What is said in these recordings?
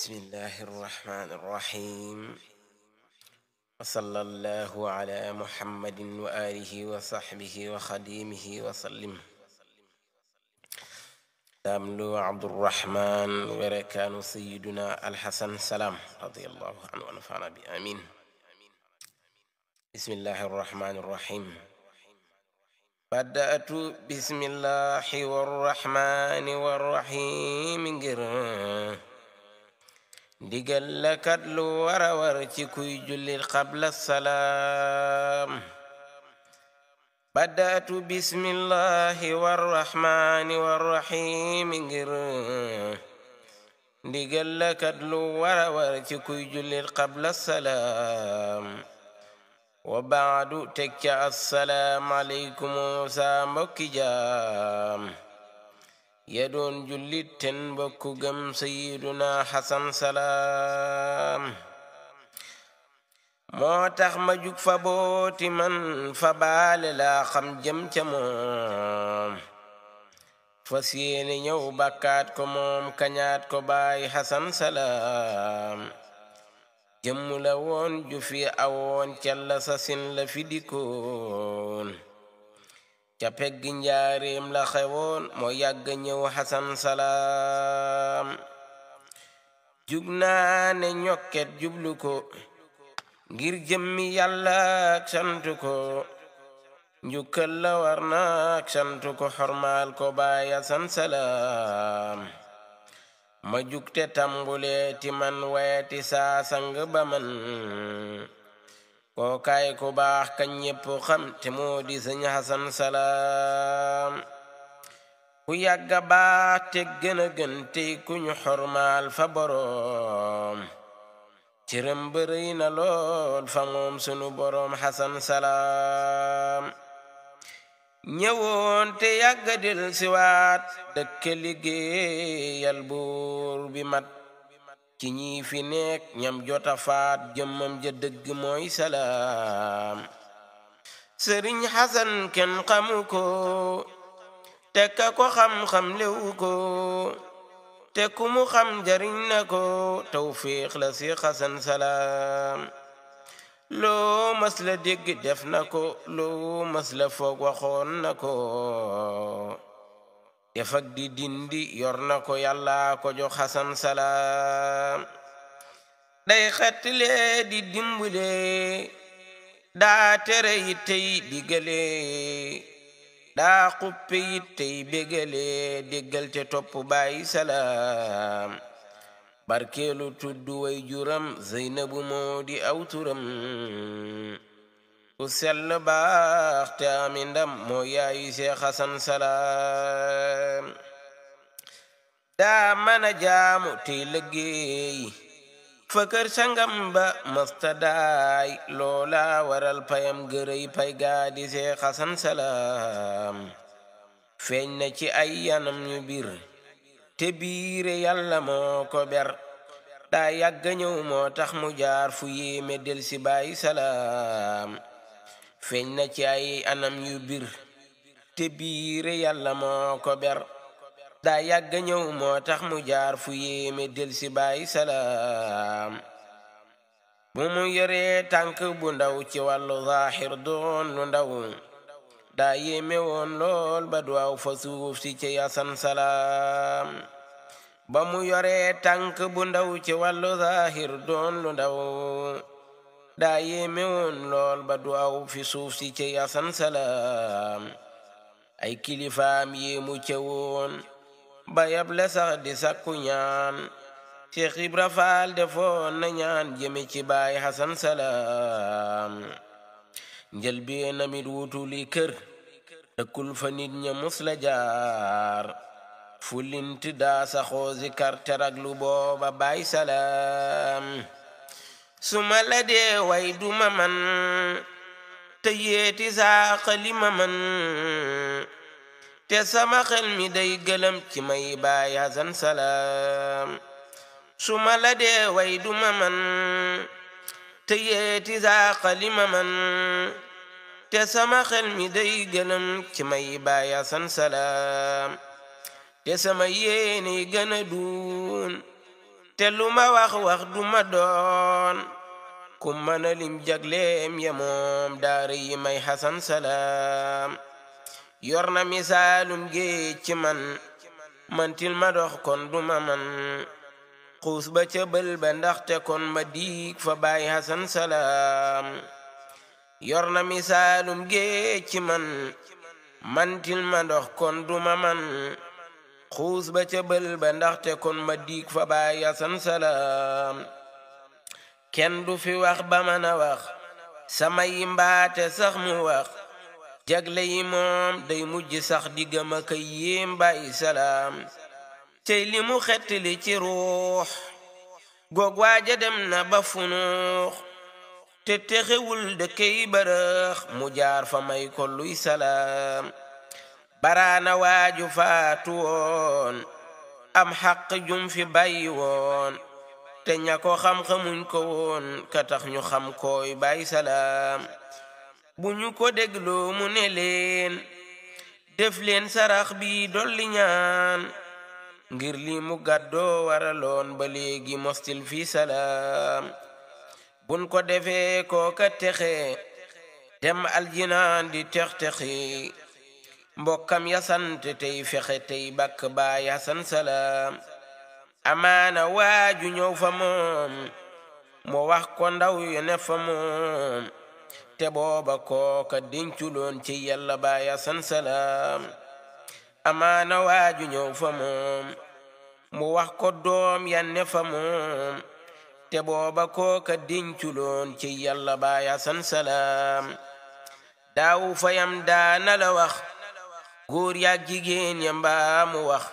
بسم الله الرحمن الرحيم وصلى الله على محمد وآله وصحبه وخديمه وسلم تاملو عبد الرحمن وركان سيدنا الحسن سلام رضي الله عنه ونفعنا بآمين بسم الله الرحمن الرحيم بدأت بسم الله والرحمن والرحيم جرم ndigal la kat lu war a war kuy jullit qabla salaam badaatu bismillahi warrahmani warrahimi ngir lu war a war ci kuy teg ca asalaam aleykum saa ya doon jullit ten bokku gëm sayiduna xasan salaam moo tax ma jug fa booti man fa baale laa xam jëm ca moom fas yéene ñëw bakkaat ko moom kañaat ko baay xasan salaam jëmm woon ju fi awoon calla sa la fi dikoon ca pegg njaareem la xewoon moo yàgg ñëw xasan salaam jug naa ne ñokket jubluko ngir jëmmi yàlla ak sant la war na ak ko xormaal ko baay xasan salaam ma jug te tambulee ti man wayati ba man kookaay ku baax kañ ñépp xam te moo di sëñ Hasan Salaam ku yàgga baax te gën a gën tey ku ñu xormaal fa boroom cërëm bërëy lool fa moom boroom Hasan Salaam ñëwoon te yàgga del siwaat dëkk liggéeyal buur bi mat ci ñi fi nekk ñam jota faat jëmmam ja dëgg mooy salaam sëriñ xasan kenn xamu ko te ko xam-xam lewu ko te mu xam jariñ na ko tawfiix la si xasan salaam loo mas la dégg def na ko loo mas la foog waxoon na ko e faddi dindi yorna ko yalla kojo hasan salam ɗay hatleedi dimbule ɗaatere yittey digele ɗaa kuppe yittey begele deggelte toppu baayi salam barkeelu tuddu way juram zainabu moodi awturam ku sell baax te ami ndam moo yaayu Salaam daa mën a jaamu tey liggéey fa kër sangam ba mastadaay loola waral payam gërëy pay gaa di Salaam feeñ ci ay yanam biir te biire yàlla moo ko ber daa yàgga ñëw moo tax mu jaar fu yéeme del si bàyyi salaam feeñ na ci ay anam yu bir te biire yàlla moo ko ber daa yàgg ñëw moo tax mu jaar fu yéeme del si baay salaam bu mu yore tànk bu ndaw ci wàllu zaaxir doon lu ndaw daa yéeme woon lool ba fa suuf si ci salaam ba mu yoree tànk bu ndaw ci wàllu zaaxir doon lu ndaw daa woon lool ba fi suuf si cey asan salaam ay kilifaam yéemu ca woon sax di sakku ñaan Cheikh Ibra Faal defoon na ñaan jëme baay Hasan Salaam njëlbee namit wutuli kër dëkkul fa nit la jaar fulint daa saxoo zikar lu booba baay salaam su ma la dee way du ma man te yéeti saa ma man te sama xel mi day gëlëm ci may baayaasan salaam su ma la dee way du ma man te yéeti saa ma man te sama xel mi day gëlëm ci may baayaasan salaam te sama yéene gën a duun te lu ma wax wax du ma doon ku mën a lim ya moom daara yi may xasan salaam yor na misaalum géej ci man mantil ma kon du man xuus ba ca bël ba ndaxte kon ma diig fa bàyyi xasan salaam yor na misaalum géej man mantil ma kon du man xuus ba ca bël ba ndaxte kon ma diig fa baay asan salaam kenn du fi wax ba mën a wax sama yi mbaate sax mu wax jagle yi moom day mujj sax di gëm a kay yéem bàyyi salaam tey li mu xettali ci ruux goog waaja dem na ba funuux te texewul dëkkey bërëx mu jaar fa may ko luy salaam baraana waaju faatu woon am xaq jum fi bàyyi woon te ña ko xam-xamuñ ko woon ka tax ñu xam koy bàyyi salaam bu ñu ko dégloo mu ne leen def leen sarax bi dolli ñaan ngir li mu gàddoo waraloon ba léegi mostil fi salaam bun ko defee kooka texe dem aljinaan di tex-texi mbokkam yasant tey fexe tey bakk baa yasan salaam amaana waaju ñëw fa moom mu wax ko ndaw yu ne fa moom te booba kooka denculoon ci yàlla baa yasan salaam amaana waaju ñëw fa moom mu wax ko doom ya ne fa moom te booba kooka denculoon ci yàlla baa yasan salaam daawu fayam daana la wax góor yaag jigéen ya mbaa mu wax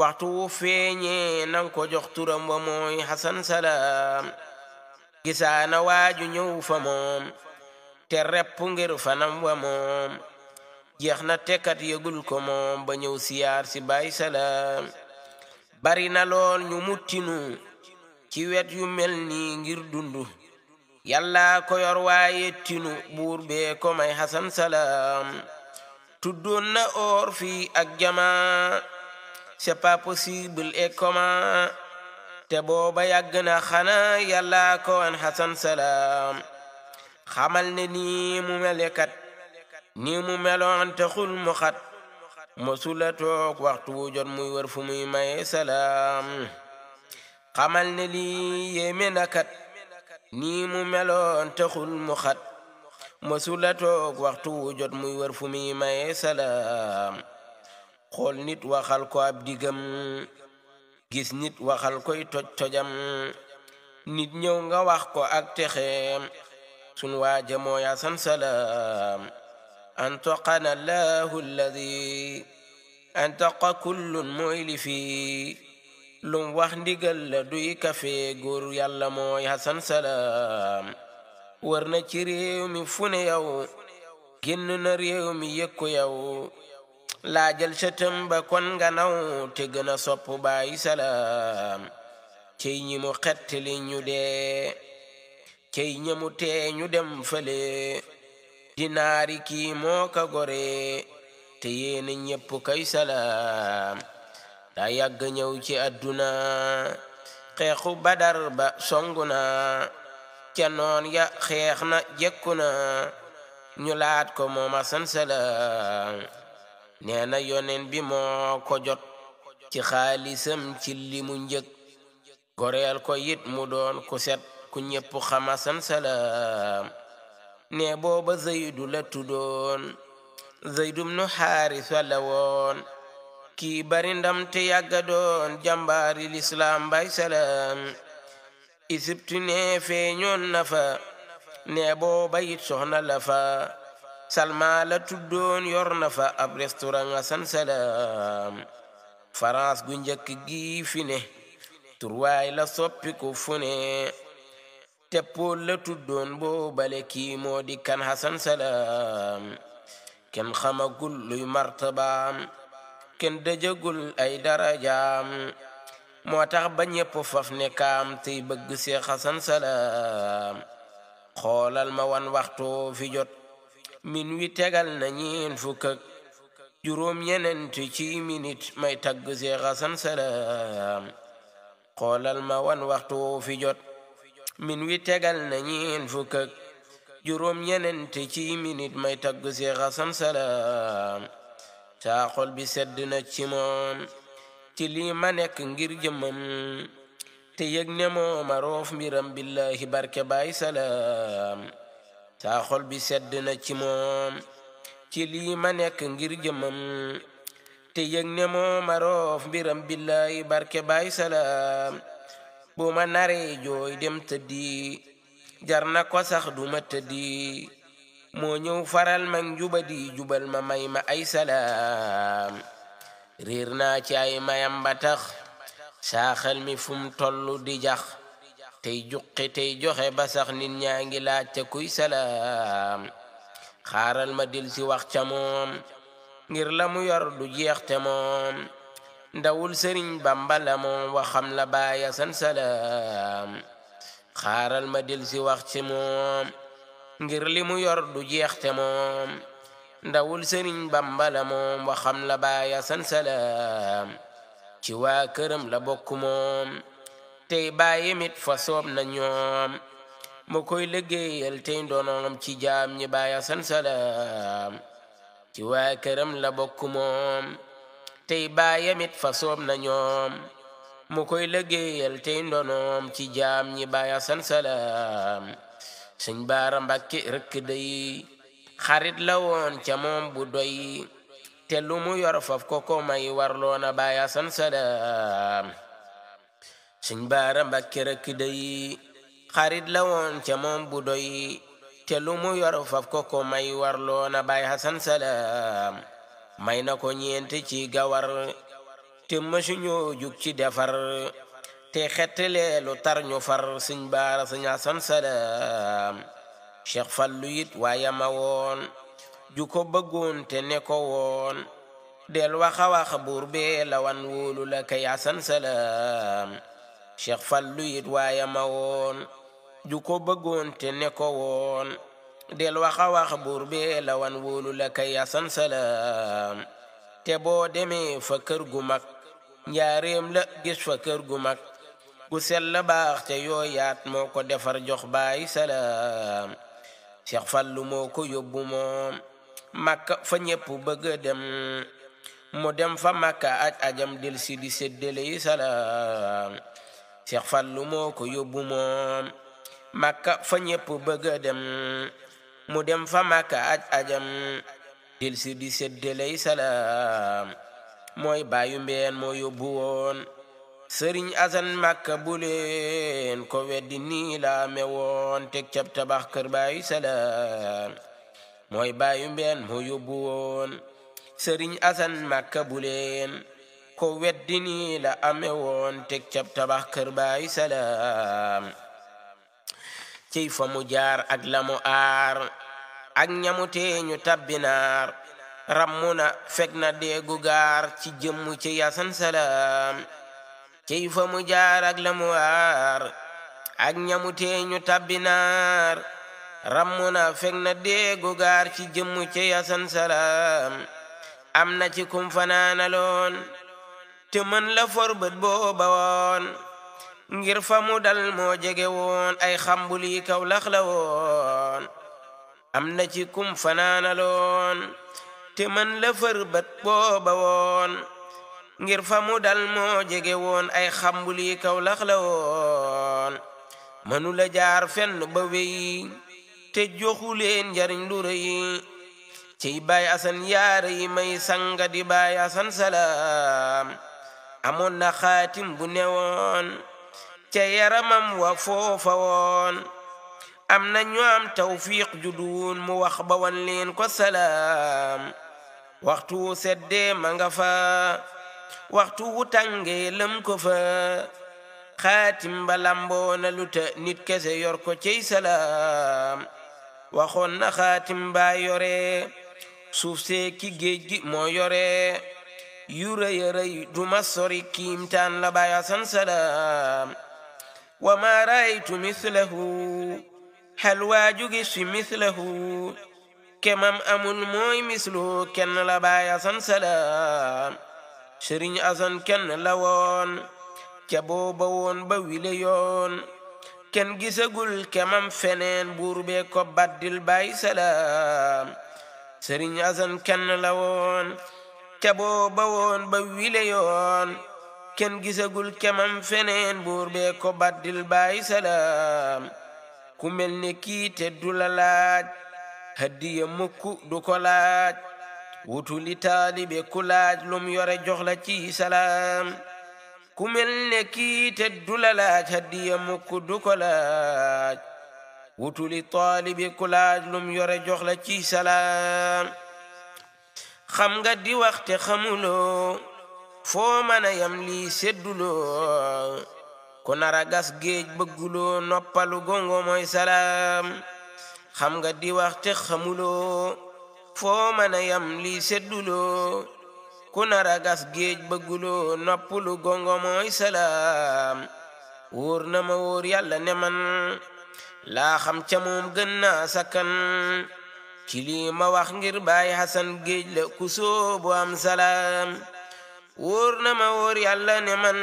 waxtu wu feeñee nan ko jox turam wa mooy xasan salaam gisaana waaju ñëw fa moom te repp ngir fanam wa moom jeex na tekat yëgul ko moom ba ñëw siyaar si baay salaam bari na lool ñu muttinu ci wet yu mel ni ngir dundu yàlla ko yor waaye buur bee ko may xasan salaam tuddoon na or fii ak jamaa c'est pas possible et comment te booba yàgg na xanaa yàlla ko salaam xamal ne nii mu melekat nii mu meloon mu xat mosula toog waxtu wu jot muy wër fu muy maye salaam xamal ne lii yéeme na kat nii mu meloon taxul mu xat mësula toog waxtu wu jot muy wër fu muy maye salaam xool nit waxal ko ab digam gis nit waxal koy toj tojam nit ñëw nga wax ko ak texeem sun waaja mooya san salaam antaqana allahu alladi antaqa kullun mooy li fii lum wax ndigal la duy kafe góor yàlla mooy hasan salaam wër na ci réew mi fu ne yow génn mi yëkku yow laajal sa ba kon nga naw te gën a sopp bàyyi salaam cey ñimu mu xettali ñu dee cey ñamu tee ñu dem fële dinaari kii moo ka gore te yéene ñépp kay salaam daa yàgg ñëw ci àdduna xeexu badar ba songu na ca noon ya xeex na jekku na ñu laat ko moom asan sala nee na yonen bi moo ko jot ci xaalisam ci li mu njëg goreel ko yit mu doon ku set ku ñépp xam asan sala ne booba zaydu la tuddoon zaydum nu xaarisa la woon kii bari ndam te yàgga doon jàmbaari lislaam bay salaam isibtu ne feeñoon na fa ne booba yit soxna la fa salma la tuddoon yor na fa ab restaurant asan salaam farans gu njëkk gi fi ne turwaay la soppiku fu ne teppool la tuddoon boobale kii moo di kan salaam kenn xamagul luy martabaam kenn dëjagul ay darajaam moo tax ba ñépp faf ne kaam tey bëgg Seex Xasan Salaam xoolal ma wan waxtu fi min wi tegal na ñeen fukk ak juróom ñeneent ci minit may tagg Seex Xasan Salaam xoolal ma wan waxtu fi jot min wi tegal na ñeen fukk ak juróom ñeneent ci minit may tagg Seex Xasan Salaam saa xol bi sedd na ci ci lii ma nekk ngir jëmmam te ma billahi barke baay salaam saa xol bi sedd na ci moom ci lii ma nekk ngir jëmmam te ma billahi barke baay salaam bu ma nare jooy dem tadi, jarna na ko sax du ma faral ma njubadi jubal ma may ma ay salam. riir naa ci ay mayam ba mi fu mu toll di jax tey juqi tey joxe basax sax nit ñaa ngi laaj kuy salaam xaaral ma dil si wax ca moom ngir la mu yor du jeexte moom ndawul sëriñ bamba la moom waxam la baaya san salaam xaaral ma dil si moom ngir li mu yor du jeexte moom ndawul sëriñ bamba la moom waxam la baaya san salaam ci waa këram la bokk moom tey bàyyi mit fa soob na ñoom mu koy liggéeyal tey ndonoom ci jaam ñi baaya san salaam ci waa këram la bokk moom tey bàyyi mit fa soob na ñoom mu koy liggéeyal tey ndonoom ci jaam ñi baaya san salaam baara mbàkke rëkk xarit la woon ca moom bu doy te lu mu yor faf ko ko may warloona baaya san salaam sëñ baara mbakke rek day xarit la woon ca moom bu doy te lu mu yor faf ko ko may warloona baaya san salaam may na ko ñeent ci gawar te mësuñoo jug ci defar te xettaleelu tar ñu far sëñ baara sëñ asan salaam cheikh fallu yit waayama woon ju ko bëggoon te ne ko woon del waxa wax buur bee la wan wóolu la kay salaam cheikh fallu yit waayama woon ju ko bëggoon te ne woon del waxa wax buur bee la wan wóolu la kay salaam te boo demee fa kër gu mag njaareem la gis fa kër gu mag gu sell baax te yooyaat moo ko defar jox baay salaam Cheikh Fallou moo ko yóbbu moom Makka fa ñépp bëgg dem mu dem fa Makka aj ajam del di séddale yi salaam Cheikh Fallou moo ko yóbbu moom Makka fa ñépp bëgg dem mu dem fa Makka aj ajam del si di séddale yi salaam mooy baayu moo yóbbu woon sëriñ asan màkka bu leen ko weddi nii laa teg cab tabax kër baayu salaam mooy baayu mbeen mu yóbbu woon sëriñ asan màkka bu ko weddi nii la ame teg cab tabax kër baayu salaam ciy fa mu jaar ak lamu mu aar ak ñamutee ñu tabbinaar rammu na fekk na deegu gaar ci jëmm ci yasan salaam cey fa mu jaar ak la mu aar ak ñamutee ñu tabbinaar rammu na fekk na déegu gaar ci jëmmu cey asan am na ci kum fanaana loon te la for bët booba woon ngir fa mu dal moo jege woon ay xambuli kaw lax la woon am na ci kum fanaana loon te booba woon ngir fa mu dal moo jege woon ay xambul kaw lax la woon mënula jaar fenn ba wey te joxu leen njariñ lu rëy ciy baay asan yaara may sanga di baay asan salaam amoon na xaatim bu newoon ca yaramam wa foofa woon am na ñu am tawfiq juduun mu wax ba wan leen ko salaam waxtu seddee ma nga fa waxtu wu tàngee lam ko fa xaatim lamboona lu nit kese yor ko cey salaam waxoon na xaatim yore suuf see ki géej gi moo yore yu rëy a rëy du ma sori kiimtaan la baay asan salaam wa maa raaytu mislahu xel waa jugi si mislahu kemam amul mooy mislu kenn la baay asan salaam sëriñ asan kenn la woon ca booba woon ba wile yoon kenn gisagul kemam feneen buur bee ko baddil bàyyi salaam sëriñ asan kenn la woon ca booba woon ba wile yoon kenn gisagul kemam feneen buur bee ko baddil bàyyi salaam ku mel ne kii te du laaj hadiya mukk du ko laaj wutuli taalibe ku lum yore jox la ci salaam ku mel ne kii te du la laaj hadiya laaj wutuli taalibe ku lum yore jox la ci salaam xam nga di waxte xamuloo foo mën a yam lii sedduloo ku nar gas géej bëgguloo noppalu gongo salaam xam nga di waxte xamuloo foo mën a yam lii sedduloo ku nar a géej bëgguloo noppalu gongo mooy salaam wóor na ma wóor yàlla ne man laa xam ca gën naa sakan ci lii ma wax ngir bàyyi xasan géej la ku bu am salaam wóor na ma wóor yàlla ne man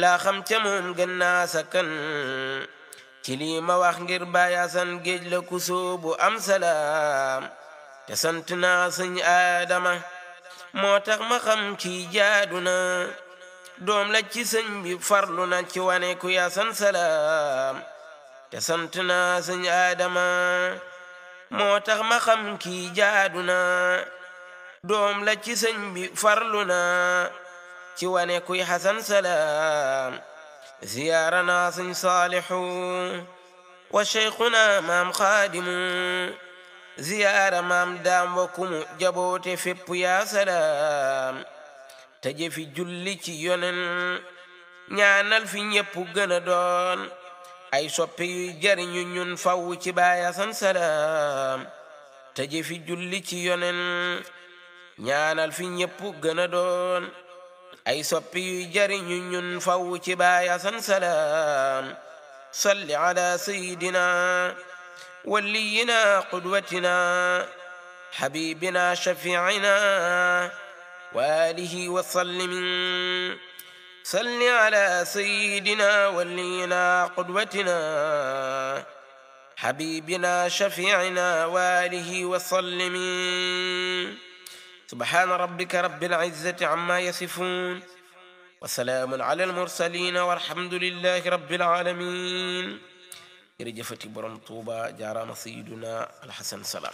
laa xam ca gën naa sakan ci lii ma wax ngir bàyyi xasan géej la ku soobu am salaam te sant naa sëñ aadama moo tax ma xam kii jaadu la ci sëñ bi farluna na ci wane ku yasan salaam te sant naa sëñ aadama moo tax ma xam kii jaadu na la ci sëñ bi farluna na ci wane kuy xasan Salam. Ziyara na sun salihu. wa cheikhuna mam xaadimu ziyaara maam daa mbokkumu jaboote fépp yaa salaam te jëfi julli ci yonen ñaanal fi ñépp gën doon ay soppi yuy jariñu ñun faw ci baaya san salaam te jëfi julli ci yonen ñaanal fi ñépp gën a doon ay soppi yuy jariñu ñun faw ci baaya san salaam salli ala sayidina ولينا قدوتنا حبيبنا شفيعنا وآله وسلم صل على سيدنا ولينا قدوتنا حبيبنا شفيعنا وآله وسلم سبحان ربك رب العزة عما يصفون وسلام على المرسلين والحمد لله رب العالمين يرجفتي برم طوبة جارانا سيدنا الحسن سلام